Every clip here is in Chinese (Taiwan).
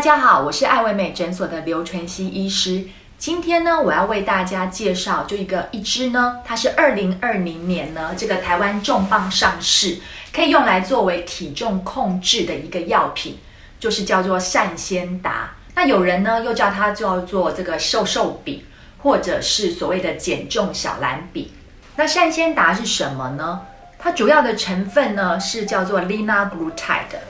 大家好，我是愛惟美診所的劉淳熙醫師。今天呢，我要為大家介紹，就一個一支呢，它是二零二零年呢這個台灣重磅上市，可以用來作為體重控制的一個藥品，就是叫做善纖達。那有人呢又叫它叫做這個瘦瘦筆，或者是所謂的減重小藍筆。那善纖達是什麼呢？它主要的成分呢是叫做 Liraglutide。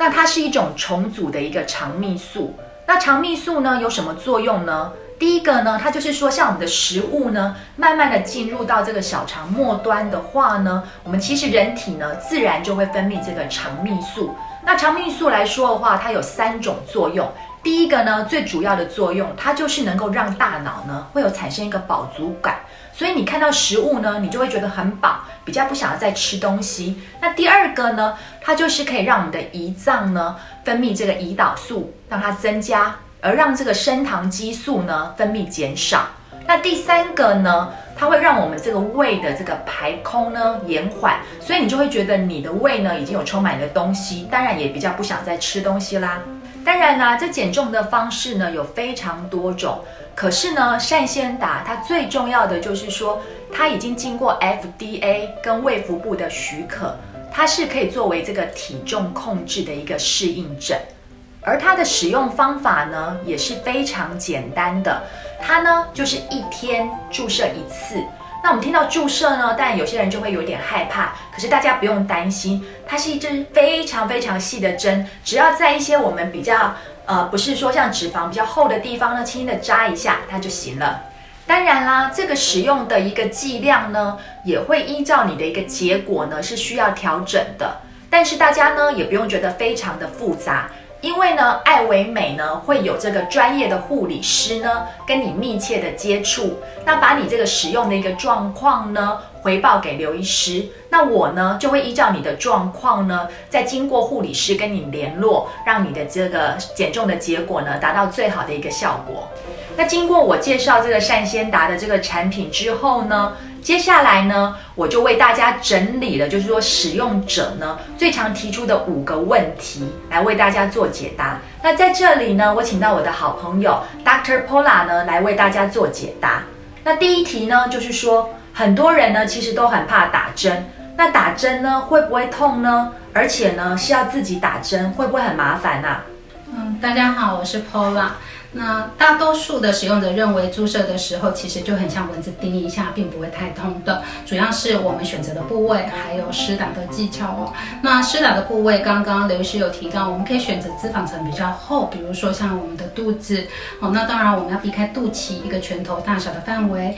那它是一種重組的一個腸泌素。那腸泌素呢有什麼作用呢？第一個呢，它就是說，像我們的食物呢，慢慢的進入到這個小腸末端的話呢，我們其實人體呢，自然就會分泌這個腸泌素。那腸泌素來說的話，它有三種作用。第一個呢，最主要的作用，它就是能夠讓大腦呢，會有產生一個飽足感。所以你看到食物呢，你就會覺得很飽，比較不想要再吃東西。那第二個呢，它就是可以讓我們的胰臟呢分泌這個胰島素，讓它增加，而讓這個升糖激素呢分泌減少。那第三個呢，它會讓我們這個胃的這個排空呢延緩，所以你就會覺得你的胃呢已經有充滿了東西，當然也比較不想再吃東西啦。當然啦，這減重的方式呢有非常多種，可是呢，善纖達它最重要的就是說，它已經經過 FDA 跟衛福部的許可，它是可以作為這個體重控制的一個適應症，而它的使用方法呢也是非常簡單的，它呢就是一天注射一次。那我們聽到注射呢，但有些人就會有點害怕。可是大家不用擔心，它是一支非常非常細的針，只要在一些我們比較呃，不是說像脂肪比較厚的地方呢，輕輕地扎一下它就行了。當然啦，這個使用的一個劑量呢，也會依照你的一個結果呢是需要調整的。但是大家呢也不用覺得非常的複雜。因為呢，愛惟美呢會有這個專業的護理師呢跟你密切的接觸，那把你這個使用的一個狀況呢回報給劉醫師，那我呢就會依照你的狀況呢，再經過護理師跟你聯絡，讓你的這個減重的結果呢達到最好的一個效果。那經過我介紹這個善纖達的這個產品之後呢。接下來呢，我就為大家整理了，就是說使用者呢最常提出的五個問題，來為大家做解答。那在這裡呢，我請到我的好朋友 Dr. Paula 呢來為大家做解答。那第一題呢，就是說很多人呢其實都很怕打針，那打針呢會不會痛呢？而且呢是要自己打針，會不會很麻煩呢、啊？大家好，我是 Pola。那大多數的使用者認為，注射的時候其實就很像蚊子叮一下，並不會太痛的。主要是我們選擇的部位，還有施打的技巧哦。那施打的部位，剛剛劉醫師有提到，我們可以選擇脂肪層比較厚，比如說像我們的肚子哦。那當然，我們要避開肚臍一個拳頭大小的範圍。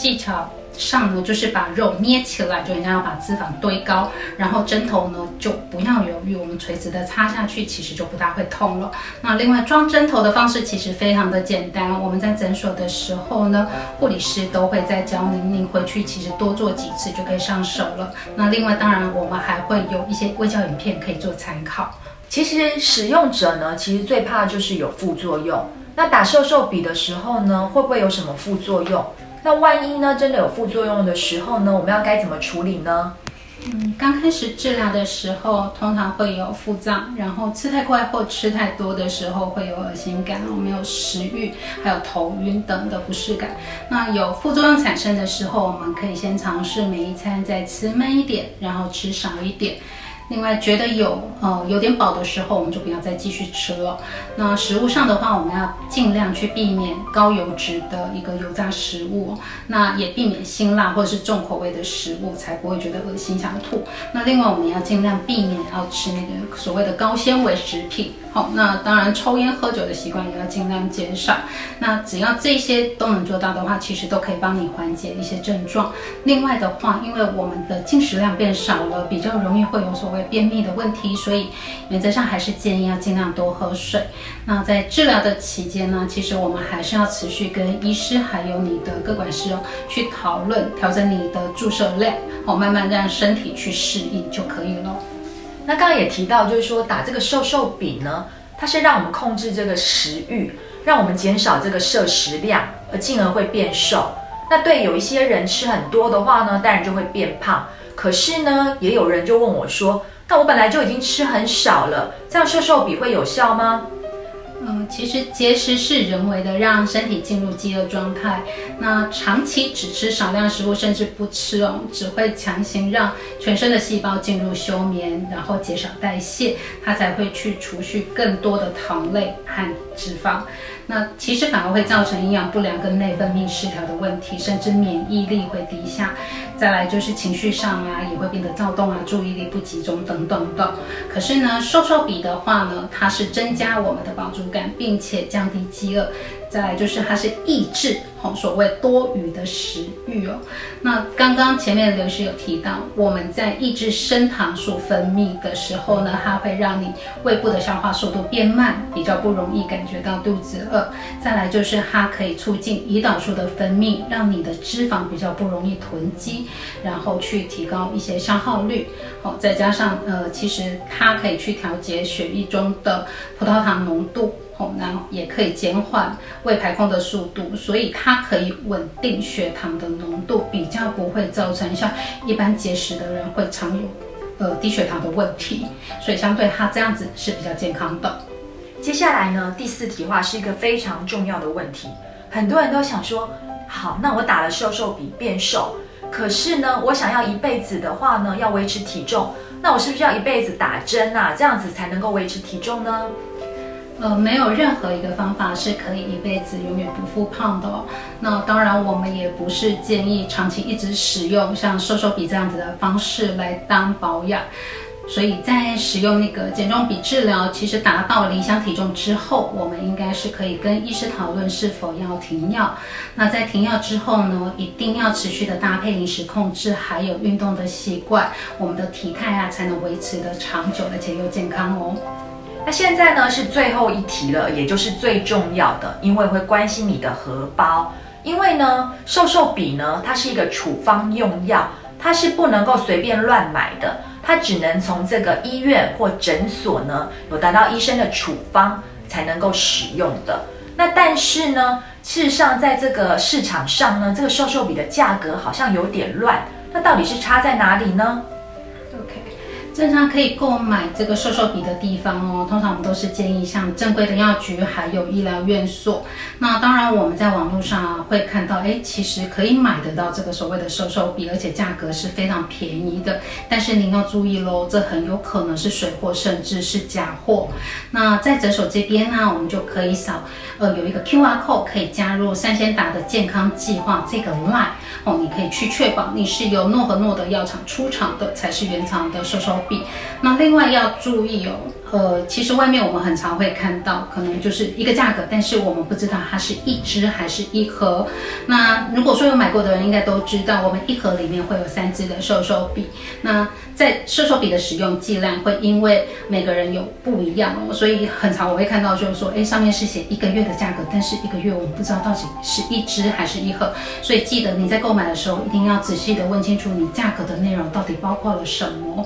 技巧上呢，就是把肉捏起來，就一定要把脂肪堆高，然後針頭呢就不要猶豫，我們垂直的插下去，其實就不大會痛了。那另外裝針頭的方式其實非常的簡單，我們在診所的時候呢，護理師都會再教您，您回去其實多做幾次就可以上手了。那另外當然我們還會有一些衛教影片可以做參考。其實使用者呢，其實最怕就是有副作用。那打瘦瘦筆的時候呢，會不會有什麼副作用？那萬一呢，真的有副作用的時候呢，我們要該怎麼處理呢？嗯，剛開始治療的時候，通常會有腹脹，然後吃太快或吃太多的時候會有噁心感，沒有食慾，還有頭暈等的不適感。那有副作用產生的時候，我們可以先嘗試每一餐再吃慢一點，然後吃少一點。另外覺得有呃有點飽的時候，我們就不要再繼續吃了。那食物上的話，我們要盡量去避免高油脂的一個油炸食物，那也避免辛辣或者是重口味的食物，才不會覺得噁心想吐。那另外我們要盡量避免要吃那個所謂的高纖維食品。好，那當然抽菸喝酒的習慣也要盡量減少。那只要這些都能做到的話，其實都可以幫你緩解一些症狀。另外的話，因為我們的進食量變少了，比較容易會有所謂。便秘的問題，所以原則上還是建議要盡量多喝水。那在治療的期間呢，其實我們還是要持續跟醫師還有你的個管師、哦、去討論，調整你的注射量，哦慢慢，讓身體去適應就可以了。那剛剛也提到，就是說打這個瘦瘦筆呢，它是讓我們控制這個食慾，讓我們減少這個攝食量，而進而會變瘦。那對有一些人吃很多的話呢，當然就會變胖。可是呢，也有人就問我說：“但我本來就已經吃很少了，這樣瘦瘦筆會有效嗎？”嗯、呃，其實節食是人為的讓身體進入飢餓狀態，那長期只吃少量食物甚至不吃哦，只會強行讓全身的細胞進入休眠，然後減少代謝，它才會去除去更多的糖類和脂肪。那其實反而會造成營養不良跟內分泌失調的問題，甚至免疫力會低下。再來就是情緒上啊，也會變得躁動啊，注意力不集中等等的。可是呢，瘦瘦筆的話呢，它是增加我們的飽足感，並且降低飢餓。再來就是它是抑制所謂多餘的食欲哦。那剛剛前面劉師有提到，我們在抑制升糖素分泌的時候呢，它會讓你胃部的消化速度變慢，比較不容易感覺到肚子餓。再來就是它可以促進胰島素的分泌，讓你的脂肪比較不容易囤積，然後去提高一些消耗率。好、哦，再加上呃，其實它可以去調節血液中的葡萄糖濃度。然後也可以減緩胃排空的速度，所以它可以穩定血糖的濃度，比較不會造成像一般節食的人會常有呃低血糖的問題，所以相對它這樣子是比較健康的。接下來呢，第四題的話是一個非常重要的問題，很多人都想說，好，那我打了瘦瘦筆變瘦，可是呢，我想要一輩子的話呢，要維持體重，那我是不是要一輩子打針啊？這樣子才能夠維持體重呢？呃，沒有任何一個方法是可以一輩子永遠不復胖的哦。那當然，我們也不是建議長期一直使用像瘦瘦筆這樣子的方式來當保養。所以在使用那個減重筆治療，其實達到理想體重之後，我們應該是可以跟醫師討論是否要停藥。那在停藥之後呢，一定要持續的搭配飲食控制，還有運動的習慣，我們的體態啊才能維持的長久，而且又健康哦。那現在呢是最後一題了，也就是最重要的，因為會關心你的荷包。因為呢，瘦瘦筆呢，它是一個處方用藥，它是不能夠隨便亂買的，它只能從這個醫院或診所呢，有得到醫生的處方才能夠使用的。那但是呢，事實上在這個市場上呢，這個瘦瘦筆的價格好像有點亂，那到底是差在哪裡呢？正常可以購買這個瘦瘦筆的地方哦，通常我們都是建議像正規的藥局還有醫療院所。那當然我們在網絡上、啊、會看到，哎，其實可以買得到這個所謂的瘦瘦筆，而且價格是非常便宜的。但是您要注意嘍，這很有可能是水貨，甚至是假貨。那在診所這邊呢、啊，我們就可以掃，呃，有一個 QR code 可以加入善纖達的健康計劃這個 line 哦，你可以去確保你是由諾和諾德藥廠出廠的才是原廠的瘦瘦筆。筆，那另外要注意哦，呃，其實外面我們很常會看到，可能就是一個價格，但是我們不知道它是一支還是一盒。那如果說有買過的人，應該都知道，我們一盒裡面會有三支的瘦瘦筆。那在瘦瘦筆的使用劑量會因為每個人有不一樣哦，所以很常我會看到就是說，哎，上面是寫一個月的價格，但是一個月我們不知道到底是一支還是一盒，所以記得你在購買的時候一定要仔細的問清楚你價格的內容到底包括了什麼。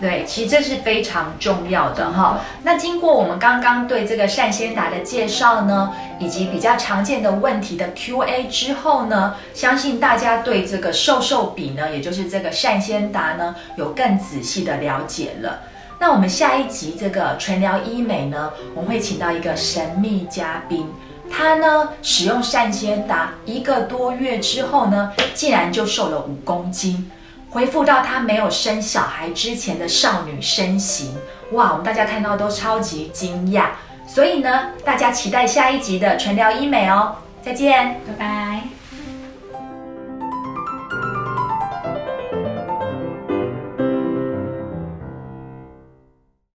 對，其實這是非常重要的哈。那經過我們剛剛對這個善纖達的介紹呢，以及比較常見的問題的 QA 之後呢，相信大家對這個瘦瘦筆呢，也就是這個善纖達呢，有更仔細的了解了。那我們下一集這個淳聊醫美呢，我們會請到一個神秘嘉賓，他呢使用善纖達一個多月之後呢，竟然就瘦了五公斤。恢復到她沒有生小孩之前的少女身形，哇！我們大家看到都超級驚訝，所以呢，大家期待下一集的淳聊醫美哦，再見，拜拜。